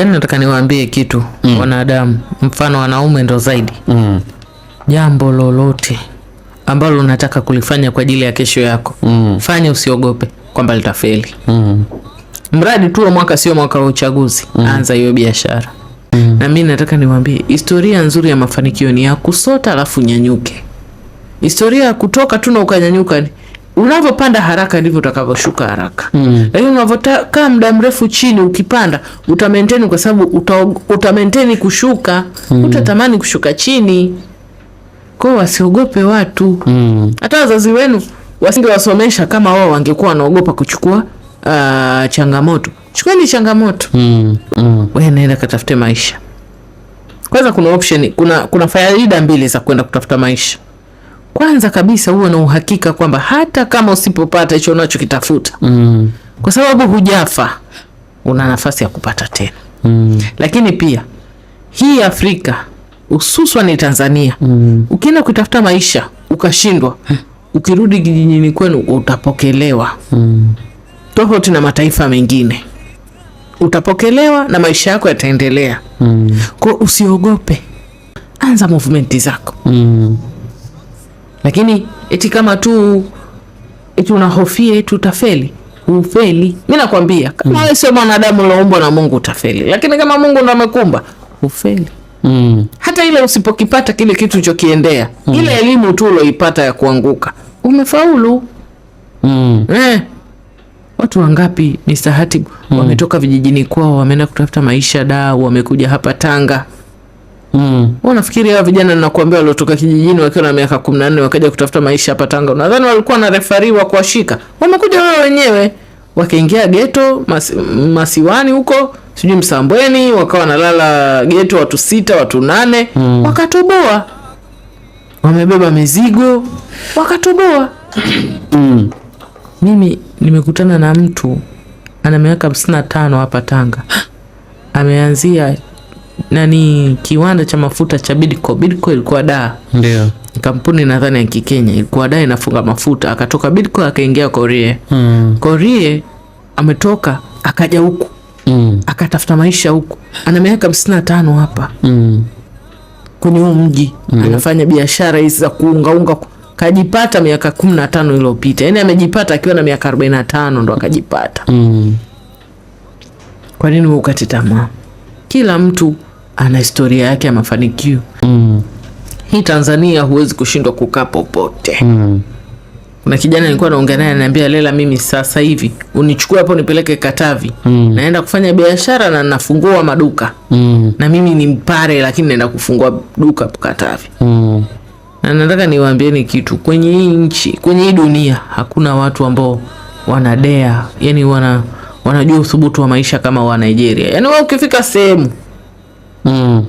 yani nataka niwaambie kitu mm. Wanadamu mfano wanaume ndo zaidi mm. Jambo lolote ambalo unataka kulifanya kwa ajili ya kesho yako mm. Fanya, usiogope kwamba litafeli mm. Mradi tu wa mwaka sio mwaka wa uchaguzi mm. Anza hiyo biashara mm. Na mi nataka niwaambie historia nzuri ya mafanikio ni ya kusota alafu nyanyuke. Historia ya kutoka tu na ukanyanyuka unavyopanda haraka ndivyo utakavyoshuka haraka. Mm. Lakini unavyokaa muda mrefu chini ukipanda uta kwa sababu uta, uta maintain kushuka, mm. utatamani kushuka chini. kwao wasiogope watu. Hmm. hata Mm. wazazi wenu wasingewasomesha kama wao wangekuwa wanaogopa kuchukua uh, changamoto. Chukueni changamoto. Mm. Mm. Wewe naenda katafute maisha. Kwanza kuna option, kuna kuna faida mbili za kwenda kutafuta maisha kwanza kabisa uwe na uhakika kwamba hata kama usipopata hicho unachokitafuta mm. kwa sababu hujafa, una nafasi ya kupata tena mm. Lakini pia hii Afrika hususwa ni Tanzania mm. ukienda kutafuta maisha ukashindwa, ukirudi kijijini kwenu utapokelewa mm. tofauti na mataifa mengine, utapokelewa na maisha yako yataendelea mm. kwao usiogope, anza movementi zako mm lakini eti kama tu eti unahofia eti utafeli Ufeli. Mimi nakwambia kama mm. wewe sio mwanadamu ulioumbwa na Mungu utafeli, lakini kama Mungu ndo amekumba ufeli. Mm. Hata ile usipokipata kile kitu chokiendea, mm. ile elimu tu uloipata ya kuanguka umefaulu. Mm. Eh. Watu wangapi mistahatibu mm. wametoka vijijini kwao wameenda kutafuta maisha da, wamekuja hapa Tanga Mm. Unafikiri hawa vijana nakuambia waliotoka kijijini wakiwa na miaka 14 wakaja kutafuta maisha hapa Tanga. Nadhani walikuwa na refari wa kuwashika. Wamekuja wao wenyewe. Wakaingia geto mas, Masiwani huko, sijui Msambweni, wakawa wanalala geto watu sita, watu nane, mm. wakatoboa. Wamebeba mizigo, wakatoboa. Mm. Mimi nimekutana na mtu ana miaka 55 hapa Tanga. Ameanzia nani kiwanda cha mafuta cha Bidco. Bidco ilikuwa da ndio kampuni nadhani ya Kikenya, ilikuwa daa inafunga mafuta, akatoka Bidco akaingia Korie. mm. Korie ametoka akaja huku mm. akatafuta maisha huku, ana miaka hamsini na tano hapa mm. kwenye huu mji anafanya biashara hizi za kuungaunga kajipata miaka kumi na tano iliyopita, yaani amejipata akiwa na miaka arobaini na tano ndo akajipata mm. Kwa nini ukate tamaa? Kila mtu ana historia yake ya mafanikio mm. Hii Tanzania huwezi kushindwa kukaa popote mm. Kuna kijana nilikuwa naongea naye ananiambia, Lela, mimi sasa hivi unichukue hapo nipeleke Katavi mm. naenda kufanya biashara na nafungua maduka mm. na mimi ni Mpare, lakini naenda kufungua duka Katavi mm. na nataka niwaambieni kitu, kwenye hii nchi, kwenye hii dunia hakuna watu ambao wanadea, yani wana wanajua uthubutu wa maisha kama wa Nigeria. Yani wewe ukifika sehemu mm.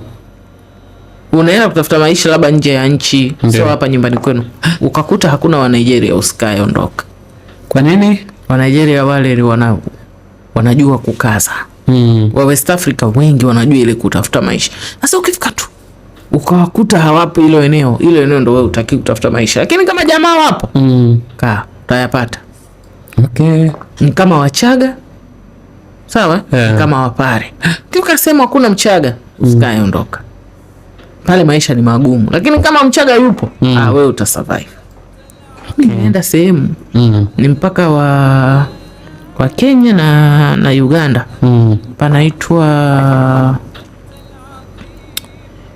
unaenda kutafuta maisha labda nje ya nchi, sio hapa nyumbani kwenu, ukakuta hakuna wa Nigeria, usikae, ondoka. Kwa nini? Wa Nigeria wale wana wanajua kukaza mm. wa West Africa wengi wanajua ile kutafuta maisha. Sasa ukifika tu ukawakuta hawapo hilo eneo, hilo eneo ndo wewe utaki kutafuta maisha, lakini kama jamaa wapo mm. kaa utayapata. Okay. Ni kama Wachaga sawa, yeah. Kama Wapare ukasema hakuna Mchaga usikaeondoka mm. Pale maisha ni magumu, lakini kama mchaga yupo mm. ah, wewe utasurvive. Nilienda okay. sehemu mm. ni mpaka wa wa Kenya na, na Uganda mm. panaitwa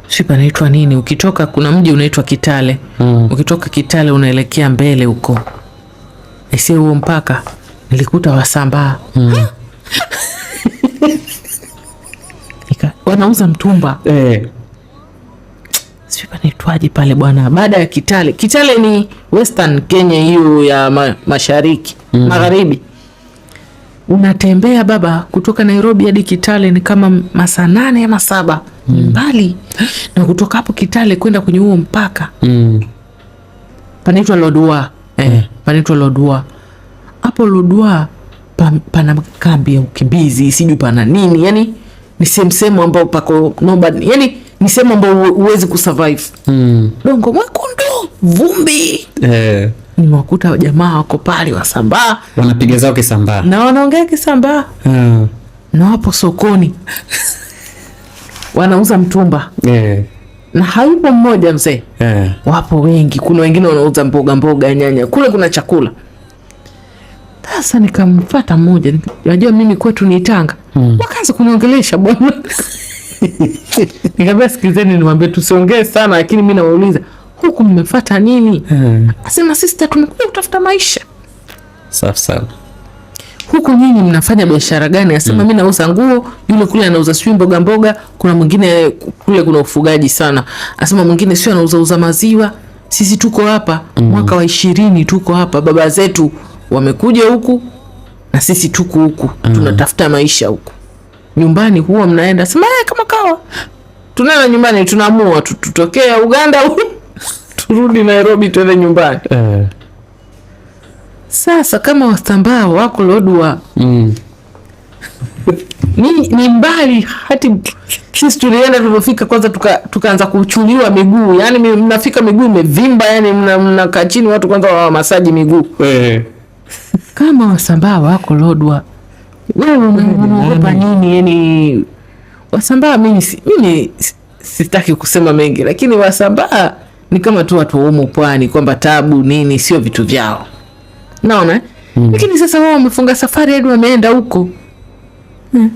si panaitwa nini, ukitoka kuna mji unaitwa Kitale mm. ukitoka Kitale unaelekea mbele huko, isie huo mpaka nilikuta Wasambaa mm wanauza mtumba eh. panaitwaje pale bwana, baada ya Kitale. Kitale ni Western Kenya hiyo ya ma mashariki mm. magharibi. Unatembea baba, kutoka Nairobi hadi Kitale ni kama masaa nane ama saba mm. mbali, na kutoka hapo Kitale kwenda kwenye huo mpaka mm. panaitwa Lodwar eh, eh. panaitwa Lodwar. Hapo Lodwar pana kambi ya ukimbizi, sijui pana nini yani ni sehemu ambao pako nobody, yani ni sehemu ambao huwezi kusurvive mm. dongo mwekundu vumbi eh. Nimewakuta jamaa wako pale wasambaa, wanapiga zao kisambaa na wanaongea kisambaa yeah. Hmm. na wapo sokoni wanauza mtumba yeah. na hayupo mmoja mzee yeah. wapo wengi, kuna wengine wanauza mboga mboga, nyanya, kule kuna chakula. Sasa nikamfata mmoja, najua mimi kwetu ni Tanga mm. Wakaanza kuniongelesha bwana nikaambia sikilizeni, niwambie tusiongee sana, lakini mi nawauliza huku mmefata nini? mm. Asema sister, tumekuja kutafuta maisha. Safi sana. Huku nyinyi mnafanya biashara gani? Asema hmm. mimi mi nauza nguo, yule kule anauza sijui mboga mboga, kuna mwingine kule kuna ufugaji sana. Asema mwingine sio anauza uza maziwa. Sisi tuko hapa mm. mwaka wa ishirini tuko hapa, baba zetu wamekuja huku na sisi tuko huku mm. tunatafuta maisha huku nyumbani, huwa mnaenda sema eh, kama kawa, tunaenda nyumbani, tunaamua tutokea Uganda turudi Nairobi, tuende nyumbani eh. Sasa kama wasambaa wako Lodwar mm. ni, ni mbali hati sisi tulienda, tulivyofika kwanza tukaanza tuka kuchuliwa miguu, yani mnafika miguu imevimba, yani mnakaa mna chini, watu kwanza wawamasaji miguu eh kama Wasambaa wako lodwa, wewe unaogopa nini? Yani Wasambaa, mimi mimi sitaki kusema mengi, lakini Wasambaa ni kama tu watu waumo pwani, kwamba tabu nini sio vitu vyao, naona mm. Lakini sasa wao wamefunga safari hadi wameenda huko mm.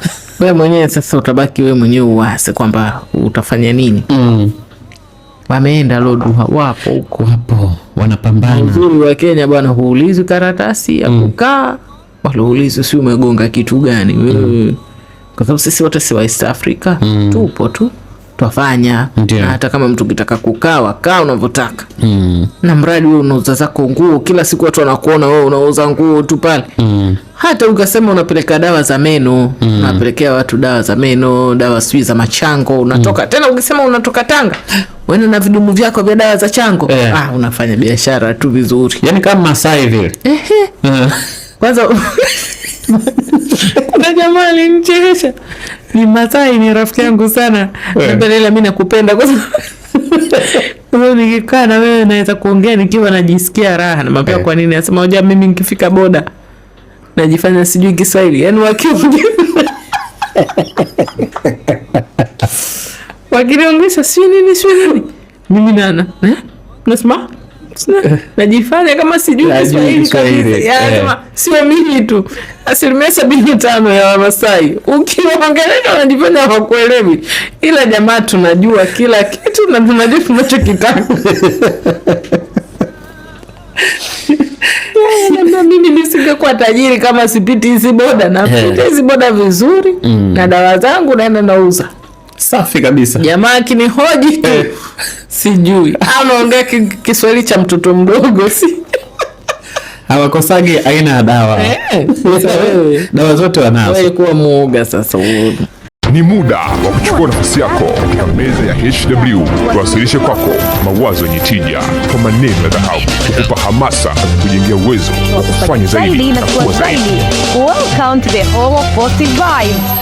Wewe mwenyewe sasa utabaki wewe mwenyewe uwase kwamba utafanya nini mm wameenda lodu wapo huko hapo wanapambana. Uzuri wa Kenya bwana, huulizwi karatasi ya mm. kukaa wala huulizwi si umegonga kitu gani mm. wewe, kwa sababu sisi wote si wa East Africa, mm. tupo tu twafanya na hata kama mtu kitaka kukaa wakaa unavyotaka mm. na mradi wewe unauza zako nguo kila siku, watu wanakuona wewe unauza nguo tu pale mm. hata ukasema unapeleka dawa za meno mm. unapelekea watu dawa za meno, dawa sijui za machango unatoka mm. tena ukisema unatoka Tanga wewe na vidumu vyako vya dawa za chango eh. Ah, unafanya biashara tu vizuri, yani kama Masai vile eh. kwanza kuna jamaa alinichekesha ni Masai, ni rafiki yangu sana eh. labda Leila, mi nakupenda kwa sababu nikikaa na wewe naweza kuongea nikiwa najisikia raha. Namwambia eh. kwa nini? asema hoja, mimi nikifika boda najifanya sijui Kiswahili, yaani wakiongea wakiniongesha sijui nini sijui nini, mimi nana eh? nasema najifanya kama sijui Kiswahili kabisa, eh. sio mimi tu, asilimia sabini na tano ya Wamasai ukiwaongelea wanajifanya hawakuelewi, ila jamaa tunajua kila kitu na tunajua tunachokitaka. mimi nisingekuwa tajiri kama sipiti hizi boda, eh. napita hizi boda vizuri mm. na dawa zangu naenda nauza. Safi kabisa. Jamaa kinihoji tu eh. Sijui anaongea Kiswahili cha mtoto mdogo si hawakosagi aina ya dawa eh. dawa zote wanazo. Wewe muoga sasa ni muda wa kuchukua nafasi yako katika meza ya HW tuwasilishe kwako mawazo yenye tija kwa maneno ya dhahabu, kukupa hamasa, kujengea uwezo wa kufanya zaidi na kuwa zaidi. Welcome to the Hall of Positive Vibes.